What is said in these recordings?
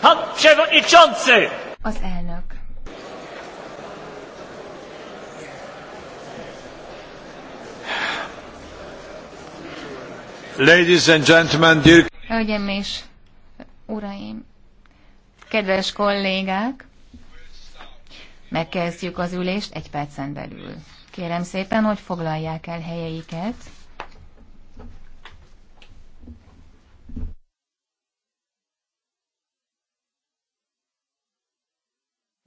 Pan przewodniczący! Az elnök. Ladies and gentlemen, dear... Hölgyeim és uraim, kedves kollégák, megkezdjük az ülést egy percen belül. Kérem szépen, hogy foglalják el helyeiket.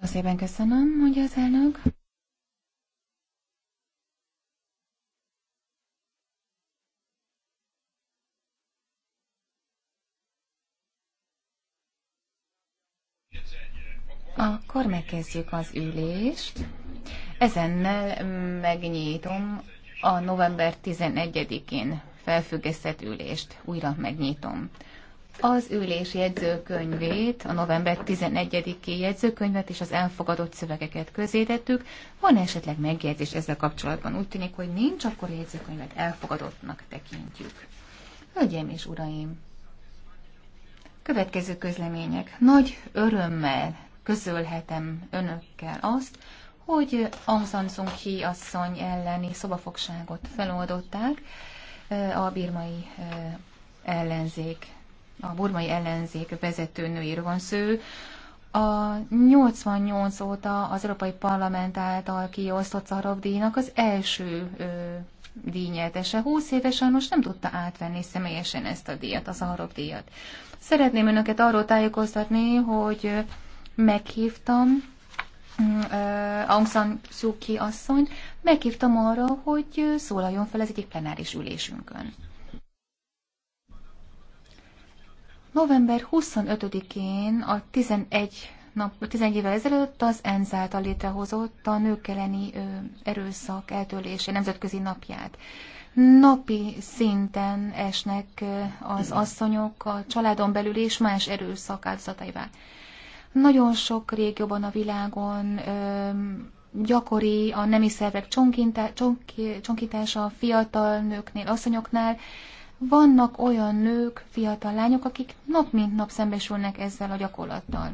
Szépen köszönöm, mondja az elnök. Akkor megkezdjük az ülést. Ezennel mm, megnyitom a november 11-én felfüggesztett ülést. Újra megnyitom az ülés jegyzőkönyvét, a november 11-i jegyzőkönyvet és az elfogadott szövegeket közétettük. Van -e esetleg megjegyzés ezzel kapcsolatban? Úgy tűnik, hogy nincs, akkor a jegyzőkönyvet elfogadottnak tekintjük. Hölgyeim és uraim! Következő közlemények. Nagy örömmel közölhetem önökkel azt, hogy Aung San Suu asszony elleni szobafogságot feloldották eh, a birmai eh, ellenzék a burmai ellenzék vezető nőiről van szó. A 88 óta az Európai Parlament által kiosztott Szarov díjnak az első ö, díjnyertese. 20 évesen most nem tudta átvenni személyesen ezt a díjat, az Szarov díjat. Szeretném önöket arról tájékoztatni, hogy meghívtam Aung San Suu Kyi asszonyt, meghívtam arra, hogy szólaljon fel az egyik plenáris ülésünkön. November 25-én a 11 nap, 11 évvel ezelőtt az ENZ által létrehozott a nők elleni erőszak eltörlése nemzetközi napját. Napi szinten esnek az asszonyok a családon belül és más erőszak áldozataival. Nagyon sok régióban a világon gyakori a nemi szervek csonkítása a fiatal nőknél, asszonyoknál, vannak olyan nők, fiatal lányok, akik nap mint nap szembesülnek ezzel a gyakorlattal.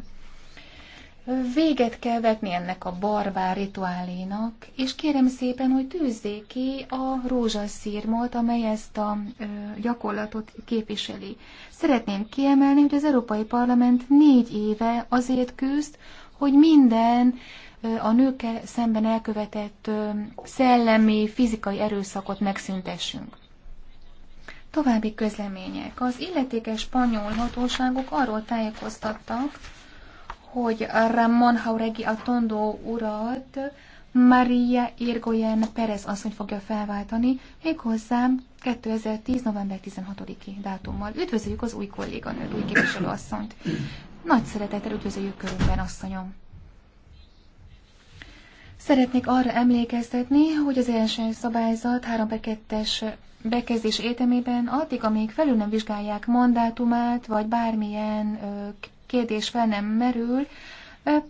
Véget kell vetni ennek a barbár rituálénak, és kérem szépen, hogy tűzzék ki a rózsaszírmot, amely ezt a ö, gyakorlatot képviseli. Szeretném kiemelni, hogy az Európai Parlament négy éve azért küzd, hogy minden ö, a nőkkel szemben elkövetett ö, szellemi, fizikai erőszakot megszüntessünk. További közlemények. Az illetékes spanyol hatóságok arról tájékoztattak, hogy Ramon Hauregi a Tondó urat Maria Irgoyen Perez asszony fogja felváltani, méghozzá 2010. november 16-i dátummal. Üdvözöljük az új kolléganőt, új képviselőasszonyt. Nagy szeretettel üdvözöljük körünkben, asszonyom! Szeretnék arra emlékeztetni, hogy az első szabályzat 3 2-es bekezdés étemében, addig, amíg felül nem vizsgálják mandátumát, vagy bármilyen kérdés fel nem merül,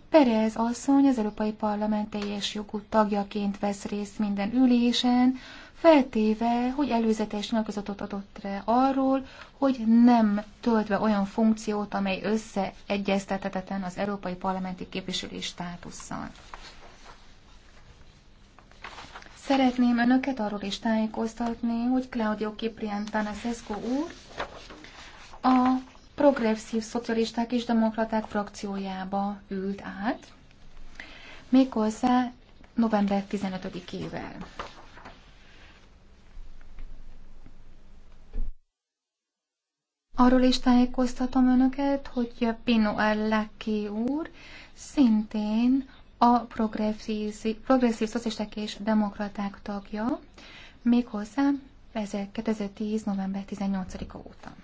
Perez asszony az Európai Parlament teljes jogú tagjaként vesz részt minden ülésen, feltéve, hogy előzetes nyilatkozatot adott rá arról, hogy nem töltve olyan funkciót, amely összeegyeztethetetlen az Európai Parlamenti képviselő státusszal. Szeretném önöket arról is tájékoztatni, hogy Claudio Kiprián Tanaszeszko úr a progresszív szocialisták és demokraták frakciójába ült át, méghozzá november 15-ével. Arról is tájékoztatom önöket, hogy Pino Ellaki úr szintén a progresszív, progresszív szocialisták és demokraták tagja, méghozzá 2010. november 18-a óta.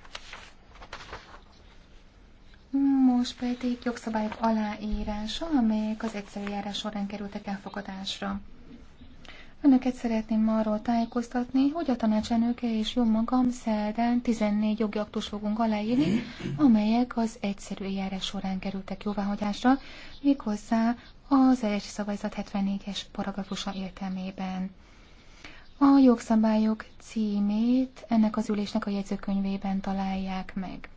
Most pedig jogszabályok aláírása, amelyek az egyszerű járás során kerültek elfogadásra. Önöket szeretném arról tájékoztatni, hogy a tanácsenőke és jó magam szerdán 14 jogi aktus fogunk aláírni, amelyek az egyszerű eljárás során kerültek jóváhagyásra, méghozzá az első szabályzat 74-es paragrafusa értelmében. A jogszabályok címét ennek az ülésnek a jegyzőkönyvében találják meg.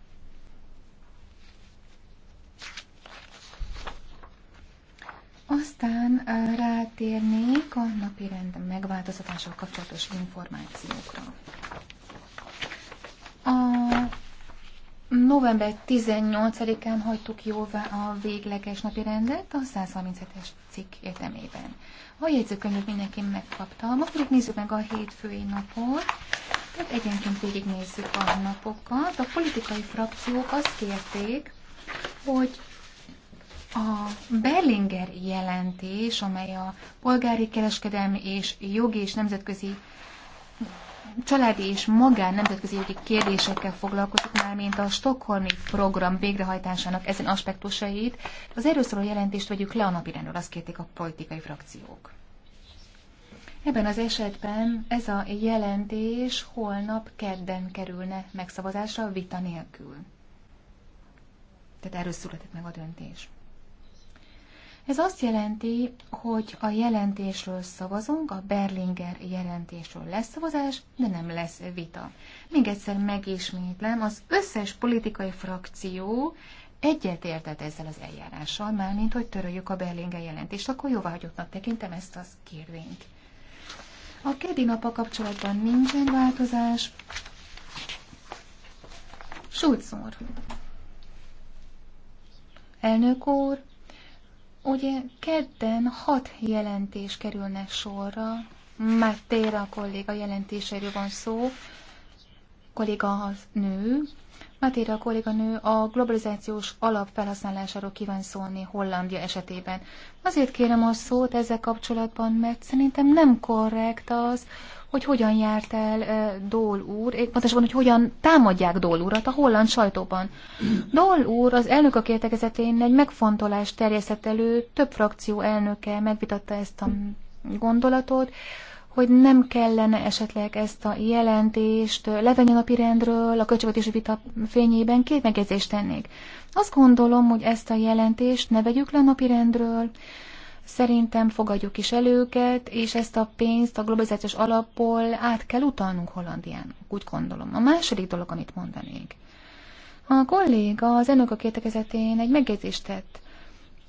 Aztán rátérnék a napi rend megváltozatással kapcsolatos információkra. A november 18-án hagytuk jóvá a végleges napi rendet a 137-es cikk értelmében. A jegyzőkönyvet mindenki megkapta, ma pedig nézzük meg a hétfői napot. Tehát egyenként végignézzük a napokat. A politikai frakciók azt kérték, hogy a Berlinger jelentés, amely a polgári kereskedelmi és jogi és nemzetközi családi és magán nemzetközi jogi kérdésekkel foglalkozik már, mint a Stockholmi program végrehajtásának ezen aspektusait. Az erről szóló jelentést vegyük le a napirendről, azt kérték a politikai frakciók. Ebben az esetben ez a jelentés holnap kedden kerülne megszavazásra vita nélkül. Tehát erről született meg a döntés. Ez azt jelenti, hogy a jelentésről szavazunk, a Berlinger jelentésről lesz szavazás, de nem lesz vita. Még egyszer megismétlem, az összes politikai frakció egyetértett ezzel az eljárással, mármint, hogy töröljük a Berlinger jelentést, akkor jóváhagyottnak tekintem ezt az kérvényt. A keddi napa kapcsolatban nincsen változás. Schulz úr. Elnök úr, Ugye kedden hat jelentés kerülne sorra, már Téra kolléga jelentéséről van szó, kolléga az nő, Matéra kolléga nő a globalizációs alap felhasználásáról kíván szólni Hollandia esetében. Azért kérem a szót ezzel kapcsolatban, mert szerintem nem korrekt az, hogy hogyan járt el Dól úr, pontosabban, hogy hogyan támadják Dól urat a holland sajtóban. Dól úr az elnökök értekezetén egy megfontolást terjesztett elő, több frakció elnöke megvitatta ezt a gondolatot, hogy nem kellene esetleg ezt a jelentést levenni a napirendről, a költségvetési vita fényében két megjegyzést tennék. Azt gondolom, hogy ezt a jelentést ne vegyük le a napirendről, Szerintem fogadjuk is el őket, és ezt a pénzt a globalizációs alapból át kell utalnunk Hollandiának, úgy gondolom. A második dolog, amit mondanék. A kolléga az a kétekezetén egy megjegyzést tett,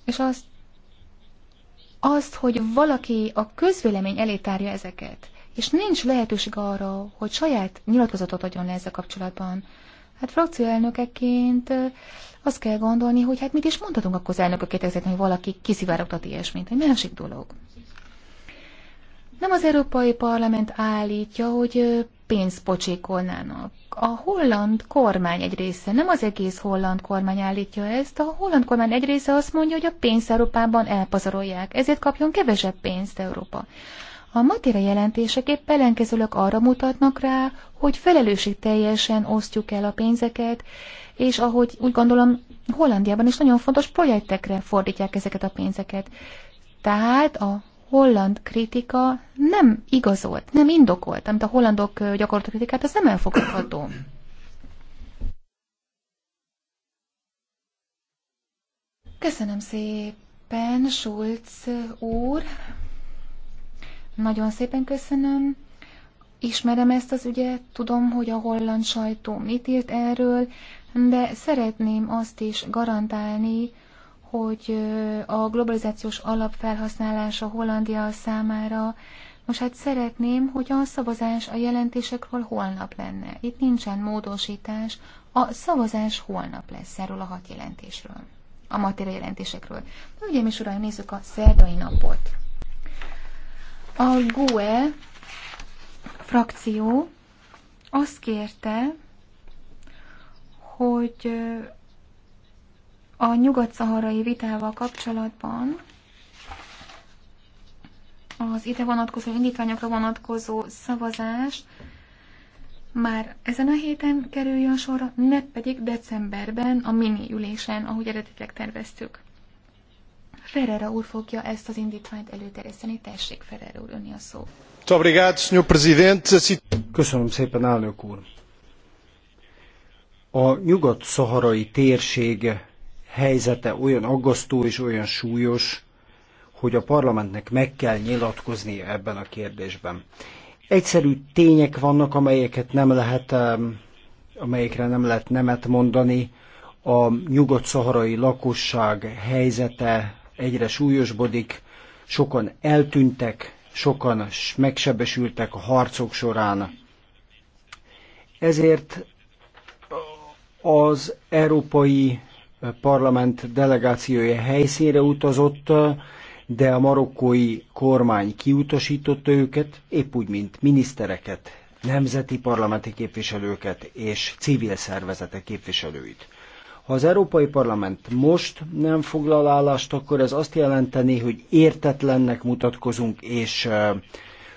és azt, azt, hogy valaki a közvélemény elé tárja ezeket, és nincs lehetőség arra, hogy saját nyilatkozatot adjon le ezzel kapcsolatban. Hát frakcióelnökeként azt kell gondolni, hogy hát mit is mondhatunk akkor az elnököket, ezért, hogy valaki kiszivárogtat ilyesmit. Egy másik dolog. Nem az Európai Parlament állítja, hogy pénzt pocsékolnának. A holland kormány egy része, nem az egész holland kormány állítja ezt, a holland kormány egy része azt mondja, hogy a pénzt Európában elpazarolják, ezért kapjon kevesebb pénzt Európa. A matéra jelentések épp ellenkezőleg arra mutatnak rá, hogy teljesen osztjuk el a pénzeket, és ahogy úgy gondolom, Hollandiában is nagyon fontos projektekre fordítják ezeket a pénzeket. Tehát a holland kritika nem igazolt, nem indokolt, amit a hollandok gyakorló kritikát, az nem elfogadható. Köszönöm szépen, Schulz úr. Nagyon szépen köszönöm. Ismerem ezt az ügyet, tudom, hogy a holland sajtó mit írt erről, de szeretném azt is garantálni, hogy a globalizációs alapfelhasználása Hollandia számára. Most hát szeretném, hogy a szavazás a jelentésekről holnap lenne. Itt nincsen módosítás, a szavazás holnap lesz erről a hat jelentésről, a matéria jelentésekről. Ugye, mi uraim, nézzük a szerdai napot. A GUE frakció azt kérte, hogy a nyugat-szaharai vitával kapcsolatban az ide vonatkozó indítványokra vonatkozó szavazás már ezen a héten kerüljön sorra, ne pedig decemberben a mini ülésen, ahogy eredetileg terveztük. Ferreira úr fogja ezt az indítványt előterjeszteni. Tessék, Ferreira úr, önni a szó. Köszönöm szépen, elnök úr. A nyugat-szaharai térség helyzete olyan aggasztó és olyan súlyos, hogy a parlamentnek meg kell nyilatkoznia ebben a kérdésben. Egyszerű tények vannak, amelyeket nem lehet, amelyekre nem lehet nemet mondani. A nyugat-szaharai lakosság helyzete egyre súlyosbodik, sokan eltűntek, sokan megsebesültek a harcok során. Ezért az Európai Parlament delegációja helyszínre utazott, de a marokkói kormány kiutasította őket, épp úgy, mint minisztereket, nemzeti parlamenti képviselőket és civil szervezetek képviselőit. Ha az Európai Parlament most nem foglal állást, akkor ez azt jelenteni, hogy értetlennek mutatkozunk, és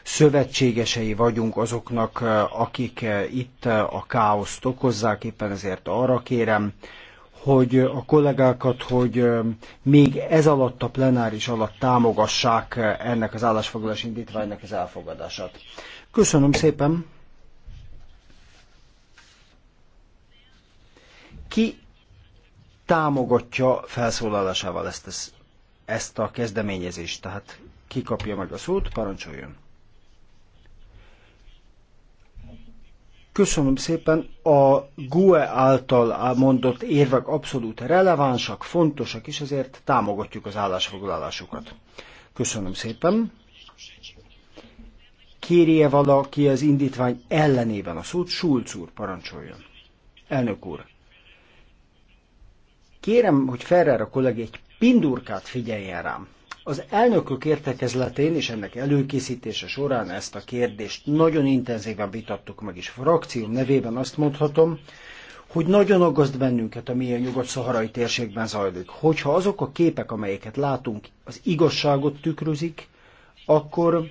szövetségesei vagyunk azoknak, akik itt a káoszt okozzák, éppen ezért arra kérem, hogy a kollégákat, hogy még ez alatt a plenáris alatt támogassák ennek az állásfoglalás indítványnak az elfogadását. Köszönöm szépen! Ki támogatja felszólalásával ezt, ezt, ezt a kezdeményezést. Tehát kikapja meg a szót, parancsoljon. Köszönöm szépen, a GUE által mondott érvek abszolút relevánsak, fontosak, és ezért támogatjuk az állásfoglalásukat. Köszönöm szépen. Kérje valaki az indítvány ellenében a szót, Schulz úr parancsoljon. Elnök úr, Kérem, hogy Ferrer a kollég egy pindurkát figyeljen rám. Az elnökök értekezletén és ennek előkészítése során ezt a kérdést nagyon intenzíven vitattuk meg, és frakcióm nevében azt mondhatom, hogy nagyon aggaszt bennünket, ami a nyugat-szaharai térségben zajlik. Hogyha azok a képek, amelyeket látunk, az igazságot tükrözik, akkor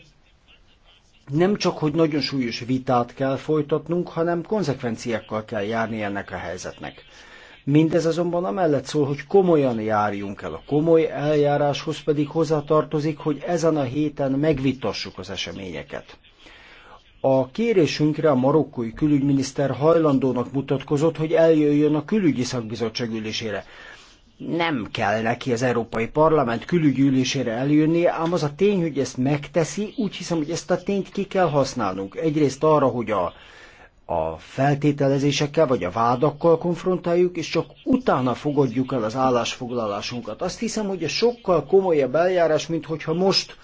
nem csak, hogy nagyon súlyos vitát kell folytatnunk, hanem konzekvenciákkal kell járni ennek a helyzetnek. Mindez azonban amellett szól, hogy komolyan járjunk el. A komoly eljáráshoz pedig hozzatartozik, hogy ezen a héten megvitassuk az eseményeket. A kérésünkre a marokkói külügyminiszter hajlandónak mutatkozott, hogy eljöjjön a külügyi szakbizottság ülésére. Nem kell neki az Európai Parlament külügyi ülésére eljönnie, ám az a tény, hogy ezt megteszi, úgy hiszem, hogy ezt a tényt ki kell használnunk. Egyrészt arra, hogy a a feltételezésekkel vagy a vádakkal konfrontáljuk, és csak utána fogadjuk el az állásfoglalásunkat. Azt hiszem, hogy ez sokkal komolyabb eljárás, mint hogyha most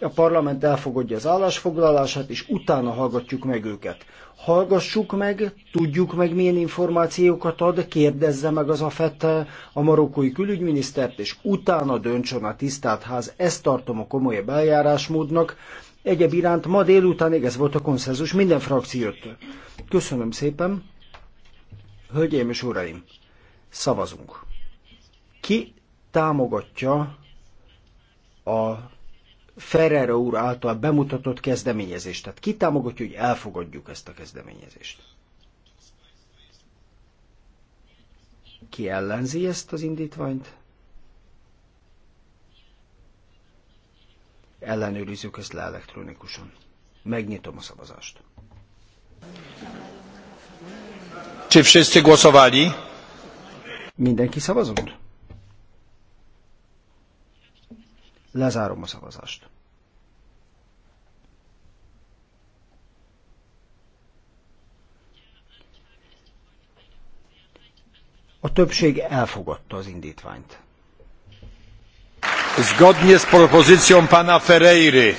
a parlament elfogadja az állásfoglalását, és utána hallgatjuk meg őket. Hallgassuk meg, tudjuk meg, milyen információkat ad, kérdezze meg az AFET a marokkói külügyminisztert, és utána döntsön a tisztelt ház. Ezt tartom a komolyabb eljárásmódnak. Egyéb iránt ma délután ez volt a konszenzus minden frakciótól. Köszönöm szépen. Hölgyeim és uraim, szavazunk. Ki támogatja a Ferrero úr által bemutatott kezdeményezést. Tehát ki támogatja, hogy elfogadjuk ezt a kezdeményezést? Ki ellenzi ezt az indítványt? Ellenőrizzük ezt le elektronikusan. Megnyitom a szavazást. Czy wszyscy głosowali? Mindenki szavazott? Lezárom a szavazást. A többség elfogadta az indítványt. Zgodnie z propozycją pana Ferreiry.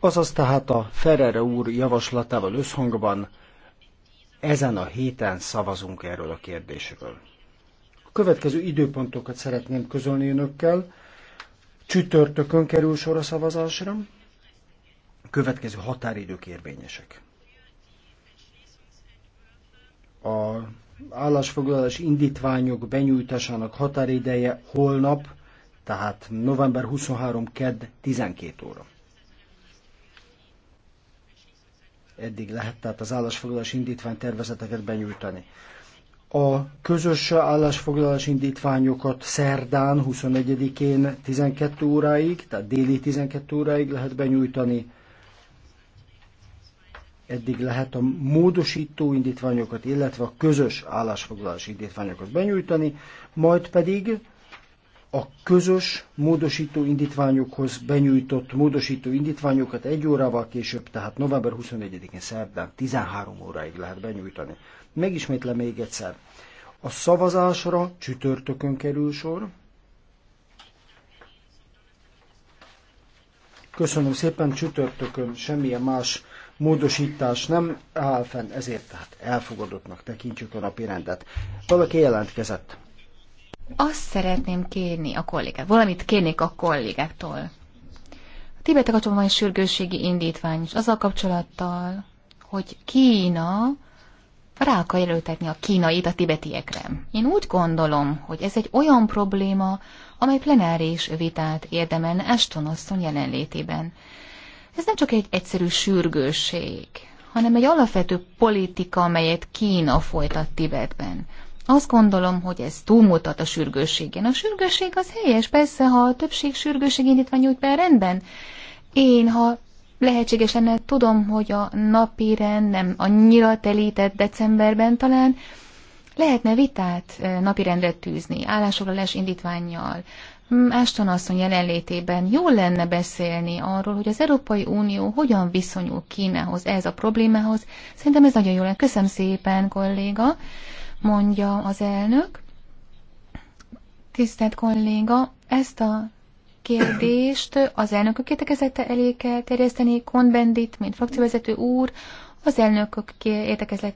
Azaz tehát a Ferrere úr javaslatával összhangban ezen a héten szavazunk erről a kérdésről. A következő időpontokat szeretném közölni önökkel csütörtökön kerül sor a szavazásra. Következő határidők érvényesek. A állásfoglalás indítványok benyújtásának határideje holnap, tehát november 23. kedd 12 óra. Eddig lehet tehát az állásfoglalás indítvány tervezeteket benyújtani a közös állásfoglalás indítványokat szerdán 21-én 12 óráig, tehát déli 12 óráig lehet benyújtani. Eddig lehet a módosító indítványokat, illetve a közös állásfoglalás indítványokat benyújtani, majd pedig a közös módosító indítványokhoz benyújtott módosító indítványokat egy órával később, tehát november 21-én szerdán 13 óráig lehet benyújtani. Megismétlem még egyszer. A szavazásra csütörtökön kerül sor. Köszönöm szépen, csütörtökön semmilyen más módosítás nem áll fenn, ezért tehát elfogadottnak tekintjük a napi rendet. Valaki jelentkezett. Azt szeretném kérni a kollégát, valamit kérnék a kollégáktól. A Tibetek a van egy sürgősségi indítvány is, azzal kapcsolattal, hogy Kína rá akar jelöltetni a kínait a tibetiekre. Én úgy gondolom, hogy ez egy olyan probléma, amely plenáris vitát érdemelne Ashton asszony jelenlétében. Ez nem csak egy egyszerű sürgősség, hanem egy alapvető politika, amelyet Kína folytat Tibetben. Azt gondolom, hogy ez túlmutat a sürgősségén. A sürgősség az helyes, persze, ha a többség sürgőség indítvány nyújt be, rendben. Én, ha lehetséges lenne, tudom, hogy a napi rend nem annyira telített decemberben talán, lehetne vitát napirendre tűzni, állásfoglalás indítványjal, Ashton asszony jelenlétében jól lenne beszélni arról, hogy az Európai Unió hogyan viszonyul Kínához, ez a problémához. Szerintem ez nagyon jó lenne. Köszönöm szépen, kolléga mondja az elnök. Tisztelt kolléga, ezt a kérdést az elnökök értekezete elé kell terjeszteni, Konbendit, mint frakcióvezető úr, az elnökök értekezlet